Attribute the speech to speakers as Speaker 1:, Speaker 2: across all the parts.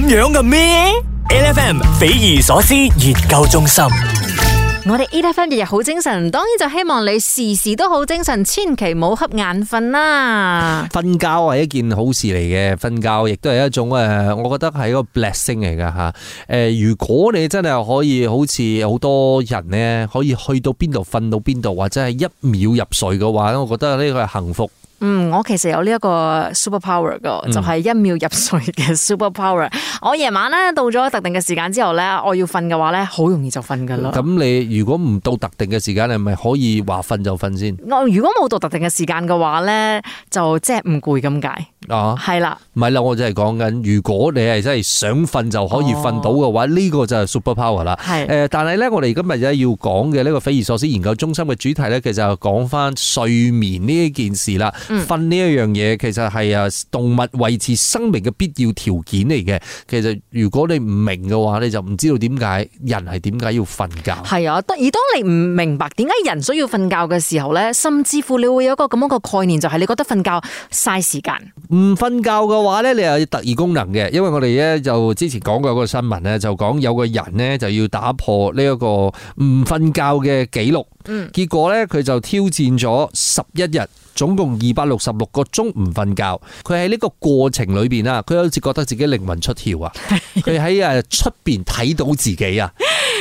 Speaker 1: 咁樣嘅咩？L F M 匪夷所思研究中心，
Speaker 2: 我哋 L F M 日日好精神，當然就希望你時時都好精神，千祈唔好瞌眼瞓啦。瞓
Speaker 1: 覺係一件好事嚟嘅，瞓覺亦都係一種誒，我覺得係一個 blessing 嚟噶吓。誒，如果你真係可以好似好多人呢，可以去到邊度瞓到邊度，或者係一秒入睡嘅話，我覺得呢個係幸福。
Speaker 2: 嗯，我其實有呢一個 super power 噶，就係一秒入睡嘅 super power。我夜晚咧到咗特定嘅時間之後咧，我要瞓嘅話咧，好容易就瞓噶啦。咁
Speaker 1: 你如果唔到特定嘅時間，你係咪可以話瞓就瞓先？
Speaker 2: 我如果冇到特定嘅時間嘅話咧，就即係唔攰咁解。啊，係啦，
Speaker 1: 唔係啦，我即係講緊，如果你係真係想瞓就可以瞓到嘅話，呢個就係 super power 啦。係誒，但係咧，我哋今日咧要講嘅呢個匪夷所思研究中心嘅主題咧，其實係講翻睡眠呢一件事啦。瞓呢一樣嘢，其實係啊動物維持生命嘅必要條件嚟嘅。其實如果你唔明嘅話，你就唔知道點解人係點
Speaker 2: 解要瞓覺。係啊，而當你唔明白點解人需要瞓覺嘅時候呢，甚至乎你會有一個咁樣嘅概念，就係你覺得瞓覺嘥時間。唔瞓覺嘅話呢，你又要
Speaker 1: 特異功能嘅，因為我哋呢就之前講過一個新聞呢，就講有個人呢就要打破呢一個唔瞓覺嘅紀錄，結果呢，佢就挑戰咗十一日。總共二百六十六個鐘唔瞓覺，佢喺呢個過程裏邊啊，佢
Speaker 2: 好似覺得自己靈魂出竅啊，佢喺誒出邊睇到自己啊。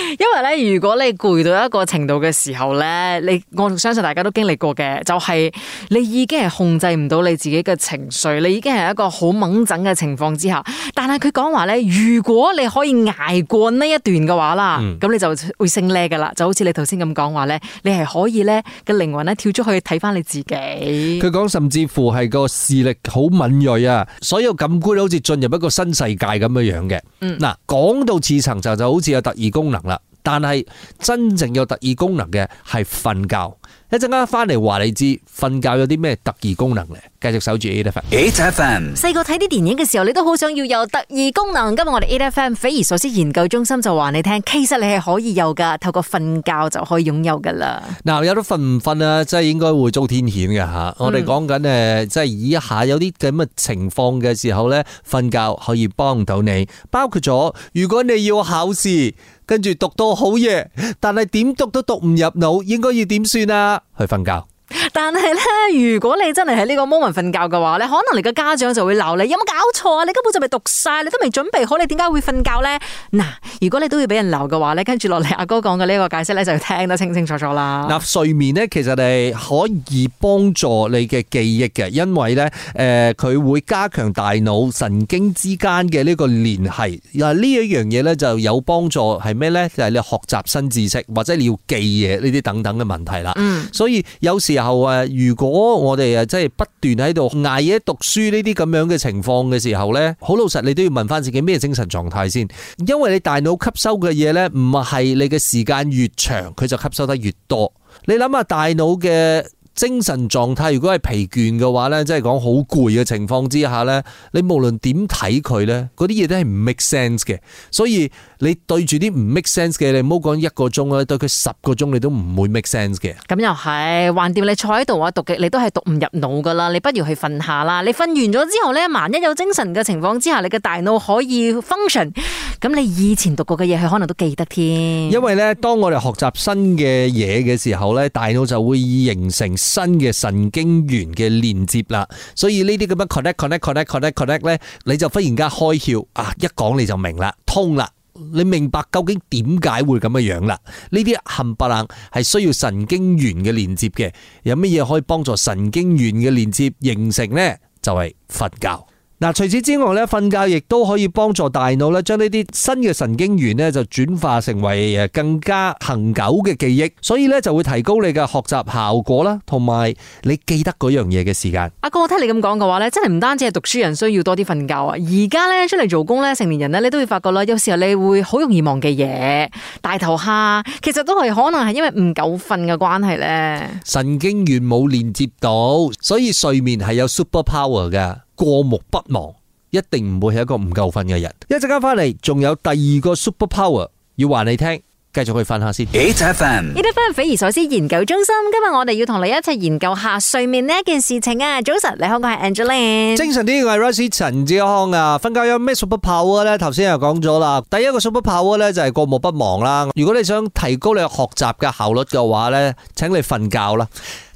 Speaker 2: 因為咧，如果你攰到一個程度嘅時候咧，你我相信大家都經歷過嘅，就係、是、你已經係控制唔到你自己嘅情緒，你已經係一個好猛震嘅情況之下。但係佢講話咧，如果你可以捱過呢一段嘅話啦，咁、嗯、你就會升叻噶啦，就好似你頭先咁講話咧，你係可以咧嘅靈魂咧跳出去睇翻你自己。佢
Speaker 1: 講甚至乎係個視力好敏銳啊，所有感官都好似進入一個新世界咁樣樣嘅。嗱、嗯，講到次層就就好似有特異功能啦。但係真正有特異功能嘅係瞓覺。一陣間翻嚟話你知，瞓覺有啲咩特異功能咧？繼續守住 A F M。A F M。
Speaker 2: 細個睇啲電影嘅時候，你都好想要有特異功能。今日我哋 A F M 匪夷所思研究中心就話你聽，其實你係可以有噶，透過瞓覺就可以擁有噶啦。
Speaker 1: 嗱，有得瞓唔瞓啊，真係應該會遭天譴嘅吓。嗯、我哋講緊誒，即係以下有啲咁嘅情況嘅時候咧，瞓覺可以幫到你。包括咗，如果你要考試，跟住讀到
Speaker 2: 好夜，但係點讀都讀唔入腦，應該要點算啊？去瞓覺。但係咧，如果你真係喺呢個 moment 瞓覺嘅話，你可能你嘅家長就會鬧你，有冇搞錯啊？你根本就未讀晒，你都未準備好，你點解會瞓覺呢？嗱，如果你都要俾人鬧嘅話咧，跟住落嚟阿哥講嘅呢個解釋咧，就要聽得清清楚楚啦。嗱、
Speaker 1: 呃，睡眠呢，其實係可以幫助你嘅記憶嘅，因為呢，誒、呃，佢會加強大腦神經之間嘅呢個聯繫。嗱，呢一樣嘢咧就有幫助係咩呢？就係、是、你學習新知識或者你要記嘢呢啲等等嘅問題啦、嗯。所以有時候。如果我哋啊，即係不斷喺度捱夜讀書呢啲咁樣嘅情況嘅時候呢，好老實，你都要問翻自己咩精神狀態先，因為你大腦吸收嘅嘢呢，唔係你嘅時間越長，佢就吸收得越多。你諗下大腦嘅。精神狀態如果係疲倦嘅話呢，即係講好攰嘅情況之下呢，你無論點睇佢呢，嗰啲嘢都係唔 make sense 嘅。所以你對住啲唔 make sense 嘅，你唔好講一個鐘啊，對佢十個鐘你都唔會 make sense 嘅。
Speaker 2: 咁又係，橫掂你坐喺度啊，讀極你都係讀唔入腦噶啦，你不如去瞓下啦。你瞓完咗之後呢，萬一有精神嘅情況之下，你嘅大腦可以 function。咁你以前讀過嘅嘢，佢可能都記得添。因
Speaker 1: 為咧，當我哋學習新嘅嘢嘅時候咧，大腦就會形成新嘅神經元嘅連接啦。所以呢啲咁樣咧，你就忽然間開竅啊！一講你就明啦，通啦，你明白究竟點解會咁樣樣啦。呢啲冚唪唥係需要神經元嘅連接嘅。有乜嘢可以幫助神經元嘅連接形成呢？就係瞓覺。嗱，除此之外咧，瞓覺亦都可以幫助大腦咧，將呢啲新嘅神經元咧就轉化成為誒更加恒久嘅記憶，所以咧就會提高你嘅學習效果啦，同埋你記得嗰樣嘢嘅時間。
Speaker 2: 阿哥，我聽你咁講嘅話咧，真係唔單止係讀書人需要多啲瞓覺啊，而家咧出嚟做工咧，成年人咧，你都會發覺啦，有時候你會好容易忘記嘢，大頭蝦，其實都係可能係因為唔夠瞓嘅關係咧，
Speaker 1: 神經元冇連接到，所以睡眠係有 super power 嘅。過目不忘，一定唔會係一個唔夠瞓嘅人。一陣間翻嚟，仲有第二個 superpower 要話你聽，繼續去瞓下先。E.T.F.M.
Speaker 2: E.T.F.M. 匪夷所思研究中心，今日我哋要同你一齊研究下睡眠呢一件事情啊！早晨，你好，我係 Angeline。精神啲，我係 Russi 陳志康啊！
Speaker 1: 瞓覺有咩 superpower 咧？頭先又講咗啦，第一個 superpower 咧就係過目不忘啦。如果你想提高你學習嘅效率嘅話咧，請你瞓覺啦。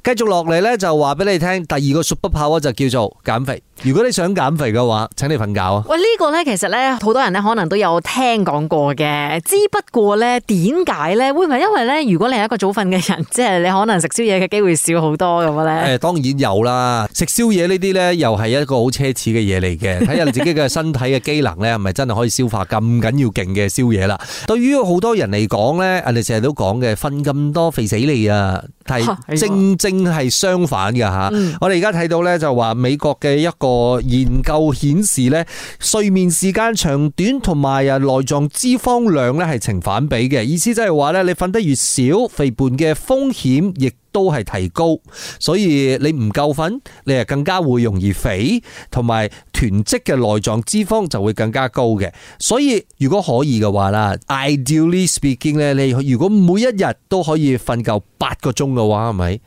Speaker 1: 繼續落嚟咧，就話俾你聽，第二個熟不怕就叫做減肥。如果你想減肥嘅話，請你瞓覺啊！
Speaker 2: 喂，呢個呢，其實呢，好多人呢，可能都有聽講過嘅，之不過呢，點解呢？會唔會因為呢？如果你係一個早瞓嘅人，即係你可能食宵夜嘅機會少好多咁樣。呢？
Speaker 1: 當然有啦，食宵夜呢啲呢，又係一個好奢侈嘅嘢嚟嘅。睇下你自己嘅身體嘅機能呢，係咪真係可以消化咁緊要勁嘅宵夜啦？ 對於好多人嚟講呢，人哋成日都講嘅，瞓咁多肥死你啊！係正正係相反嘅，吓，我哋而家睇到咧，就話美國嘅一個研究顯示咧，睡眠時間長短同埋啊內臟脂肪量咧，係呈反比嘅，意思即係話咧，你瞓得越少，肥胖嘅風險亦。都係提高，所以你唔夠瞓，你又更加會容易肥，同埋囤積嘅內臟脂肪就會更加高嘅。所以如果可以嘅話啦，ideally speaking 咧，你如果每一日都可以瞓夠八個鐘嘅話，係咪？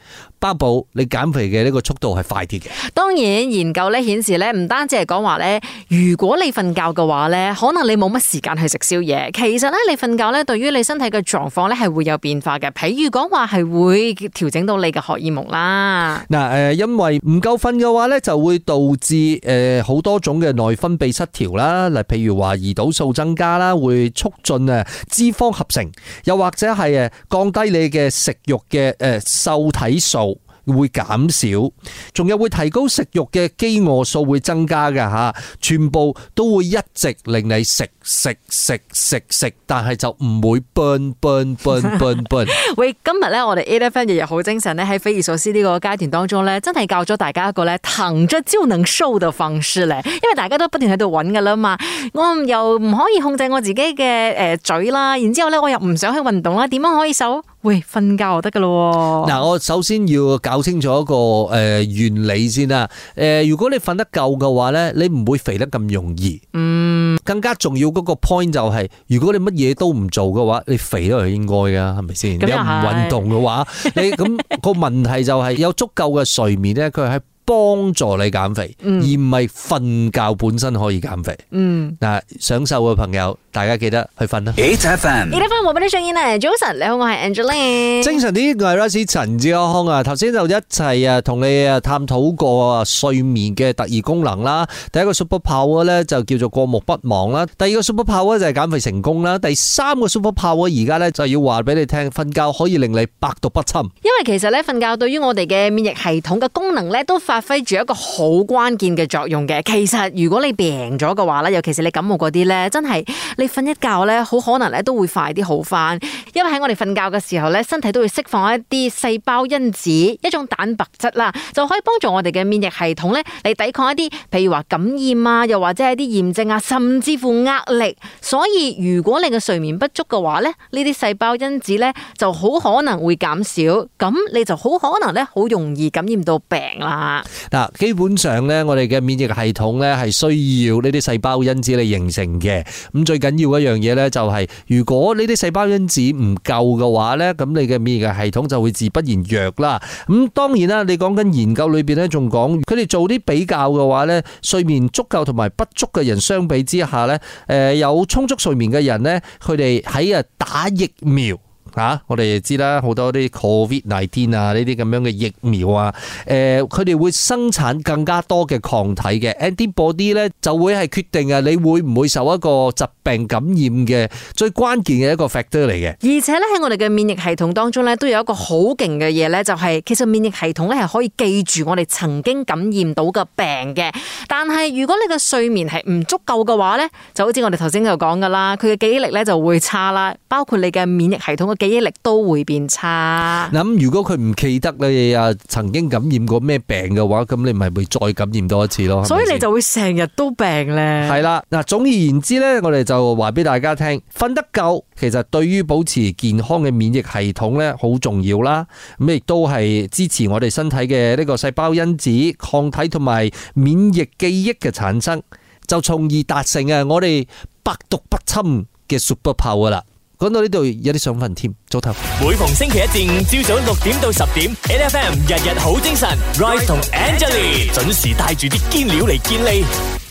Speaker 1: 加你減肥嘅呢個速度係快啲嘅。
Speaker 2: 當然研究咧顯示咧，唔單止係講話咧，如果你瞓覺嘅話咧，可能你冇乜時間去食宵夜。其實咧，你瞓覺咧，對於你身體嘅狀況咧係會有變化嘅。譬如講話係會調整到你嘅荷爾蒙啦。
Speaker 1: 嗱，誒，因為唔夠瞓嘅話咧，就會導致誒好多種嘅內分泌失調啦。嗱，譬如話胰島素增加啦，會促進誒脂肪合成，又或者係誒降低你嘅食慾嘅誒瘦體素。會減少，仲有會提高食慾嘅飢餓素會增加嘅吓，全部都會一直令你食食食食食，但係就唔會 burn, burn, burn
Speaker 2: 喂，今日咧，我哋 eight FM 日日好精神咧，喺匪夷所思呢個階段當中咧，真係教咗大家一個咧，瞓着招能瘦嘅方式咧，因為大家都不斷喺度揾噶啦嘛，我又唔可以控制我自己嘅誒嘴啦，然之後咧我又唔想去運動啦，點樣可以瘦？喂，瞓覺就得噶咯。嗱，
Speaker 1: 我首先要搞清楚一個誒原理先啦。誒，如果你瞓得夠嘅話咧，你唔會肥得咁容易。嗯，更加重要嗰個 point 就係，如果你乜嘢都唔做嘅話，你肥都係應該噶，係咪先？咁又係。你唔運動嘅話，你咁個問題就係，有足夠嘅睡眠咧，佢係幫助你減肥，而唔係瞓覺本身可以減肥。嗯，嗱，想瘦嘅朋友。大家記得去瞓啦。Eight FM，Eight
Speaker 2: FM，我俾啲聲音咧。早晨，你好，我係 Angeline。精
Speaker 1: 神啲，我係 Russie 陳志康啊。頭先就一齊啊，同你啊探討過睡眠嘅特異功能啦。第一個 superpower 咧就叫做過目不忘啦。第二個 superpower 咧就係減肥成功啦。第三個 superpower 而家咧就要話俾你聽，瞓覺可以令你百毒不侵。
Speaker 2: 因為其實咧瞓覺對於我哋嘅免疫系統嘅功能咧都發揮住一個好關鍵嘅作用嘅。其實如果你病咗嘅話咧，尤其是你感冒嗰啲咧，真係你。瞓一覺咧，好可能咧都會快啲好翻，因為喺我哋瞓覺嘅時候咧，身體都會釋放一啲細胞因子，一種蛋白質啦，就可以幫助我哋嘅免疫系統咧嚟抵抗一啲，譬如話感染啊，又或者係一啲炎症啊，甚至乎壓力。所以如果你嘅睡眠不足嘅話咧，呢啲細胞因子咧就好可能會減少，咁你就好可能咧好容易感染到病啦。
Speaker 1: 嗱，基本上咧，我哋嘅免疫系統咧係需要呢啲細胞因子嚟形成嘅，咁最緊。要一樣嘢咧，就係如果呢啲細胞因子唔夠嘅話咧，咁你嘅免疫嘅系統就會自不然弱啦。咁當然啦，你講緊研究裏邊咧，仲講佢哋做啲比較嘅話咧，睡眠足夠同埋不足嘅人相比之下咧，誒，有充足睡眠嘅人咧，佢哋喺啊打疫苗。吓、啊，我哋知啦，好多啲 Covid 19啊，呢啲咁樣嘅疫苗啊，誒、呃，佢哋會生產更加多嘅抗體嘅 Antibody 咧，就會係決定啊，你會唔會受一個疾病感染嘅最關鍵嘅一個 factor 嚟嘅。而
Speaker 2: 且咧喺我哋嘅免疫系統當中咧，都有一個好勁嘅嘢咧，就係、是、其實免疫系統咧係可以記住我哋曾經感染到嘅病嘅。但係如果你嘅睡眠係唔足夠嘅話咧，就好似我哋頭先就講噶啦，佢嘅記憶力咧就會差啦，包括你嘅免疫系統嘅。記憶力都會變差。
Speaker 1: 咁，如果佢唔記得你啊曾經感染過咩病嘅話，咁你咪會再感染多一次咯。所以你
Speaker 2: 就會成日都病咧。係
Speaker 1: 啦，嗱，總而言之呢，我哋就話俾大家聽，瞓得夠其實對於保持健康嘅免疫系統呢好重要啦。咁亦都係支持我哋身體嘅呢個細胞因子、抗體同埋免疫記憶嘅產生，就從而達成啊我哋百毒不侵嘅 super power 噶啦。講到呢度有啲想瞓添，早唞。
Speaker 2: 每逢星期一至五朝早六點到十點，N F M 日日好精神
Speaker 1: Royce 同 Angelina 準時帶住啲堅料嚟健利。